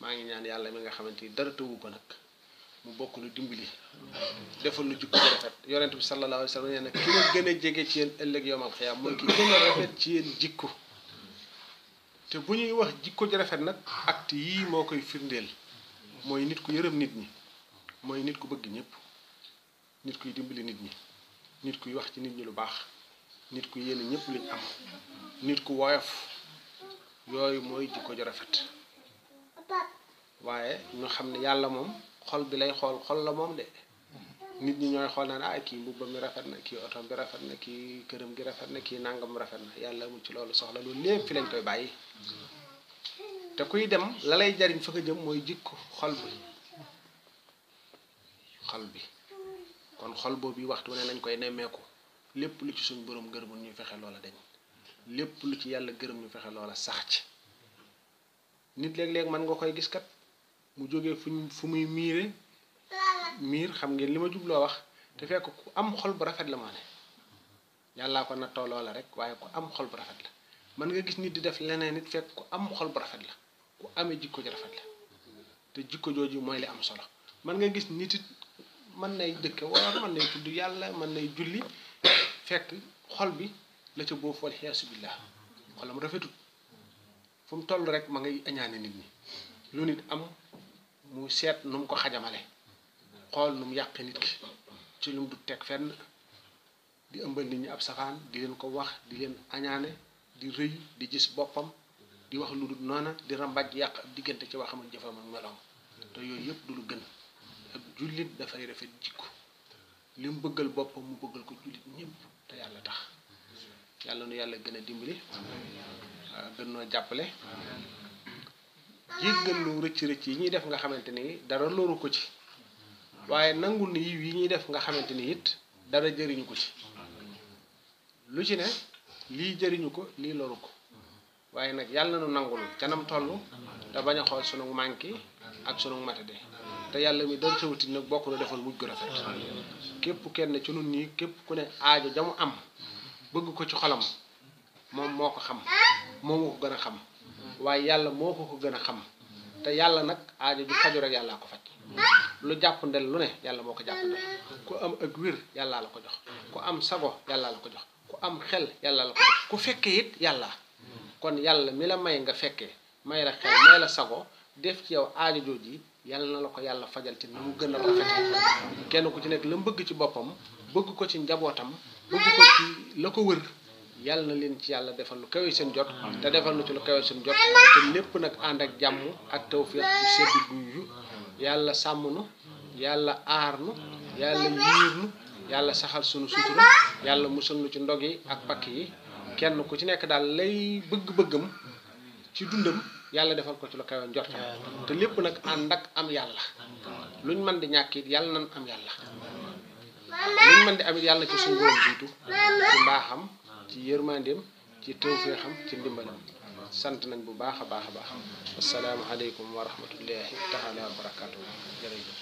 maa ngi ñaan yàlla mi nga xamante ni dara tëwu ko nag mu bokk nu dimbali defal nu jikko rafet yonent bi sallallahu alayhi wa sallam nee na ki nga gën a jege ci yéen ëllëg yoomal xiyaam mooy ki gën a rafet ci yéen jikko te bu ñuy wax jikko ji rafet nag at yii moo koy firndeel mooy nit ku yërëm nit ñi mooy nit ku bëgg ñëpp nit kuy dimbali nit ñi nit kuy wax ci nit ñi lu baax nit ku yéene ñëpp luñ am nit ku woyof yooyu mooy jikko ji rafet waaye ñu xam ne yàlla moom xol bi lay xool xol la moom de nit ñi ñooy xool naan ah kii mbubbam mi rafet na kii otom bi rafet na kii këram gi rafet na kii nangam rafet na yàlla amul ci loolu soxla loolu lépp fi lañ koy bàyyi te kuy dem la lay jariñ fa ko jëm mooy jikko xol bi xol bi kon xol boobu waxtu ne nañ koy nemmeeku lépp lu ci suñ borom gërëmul ñuy fexe loola dañ lépp lu ci yàlla gërëm ñu fexe loola sax ci nit léeg-léeg mën nga koy gis kat mu jógee fu fu muy miire miir xam ngeen li ma jubloo wax te fekk ku am xol bu rafet la maa ne yàllaa ko rek waaye ku am xol rafet la mën nga gis nit di def leneen nit fekk ku am xol bu rafet la ku amee jikko ji rafet la te jikko jooju mooy li am solo mën nga gis nit it mën nay dëkke woor mën nay tudd yàlla mën nay julli fekk xol bi la ca boobu wal xiyaasu billah xolam rafetut fu mu rek ma ngay añaane nit ñi lu nit am mu seet nu mu ko xajamale xool nu mu yàqe nit ki ci lu mu du teg fenn di ëmbal nit ñi ab safaan di leen ko wax di leen añaane di rëy di gis boppam di wax lu dul noona di rambaj yàq diggante ci waxam ak jëfam ak meloom te yooyu yëpp du lu gën ak jullit dafay rafet jikko li mu bëggal boppam mu bëggal ko jullit ñëpp te yàlla tax yàlla nu yàlla gën a dimbali gën noo jàppale jéggal lu rëcc rëcc yi ñuy def nga xamante ni dara loru ko ci waaye nangul ni yiw yi ñuy def nga xamante ni it dara jëriñu ko ci lu ci ne lii jëriñu ko lii loru ko waaye nag yàlla na nu nangul canam toll te bañ xool sunu manki ak sunu matade te yàlla mi dara tawuti nag bokk na defal mujj gu rafet képp kenn ci nun nii képp ku ne aajo jamu am bëgg ko ci xolam moom moo ko xam moom moo ko gën a xam waaye yàlla moo ko ko gën a xam mm-hmm. te yàlla nag aajo ju faju rek yàlla ko faj mm-hmm. lu jàpp ndel lu ne yàlla moo ko jàpp ndel mm-hmm. ku am ak wir yàlla la ko jox ku am sago yàllaa la ko jox ku am xel yàllaa la ko jox ku fekkee it yàlla kon yàlla mi la may nga fekkee may la xel may la sago def ci yow aajo jooji yàlla na la ko yàlla fajal ci ni mu gën a rafet kenn ku ci nekk la mu bëgg ci boppam bëgg ko ci njabootam la ko wër yàlla na leen ci yàlla defal lu kawe seen jot te defal na ci lu kawe seen jot te lépp nag ànd ak jàmm ak tawfiq bu sedd guy yàlla sàmm nu yàlla aar nu yàlla yiir nu yàlla saxal sunu sutura yàlla musal nu ci ndog yi ak pakk yi kenn ku ci nekk daal lay bëgg-bëggam ci dundam yàlla defal ko ci lu kawe njort te lépp nag ànd ak am yàlla luñ mën di ñàkk it yàlla nan am yàlla luñ mën di am yàlla ci suñu borom jiitu ci mbaaxam ci yërmandeem ci tawféexam ci ndimbalam sant nañ bu baax a baax a baax asalaamaaleykum wa rahmatullahi taala wa barakaatu jërëjëf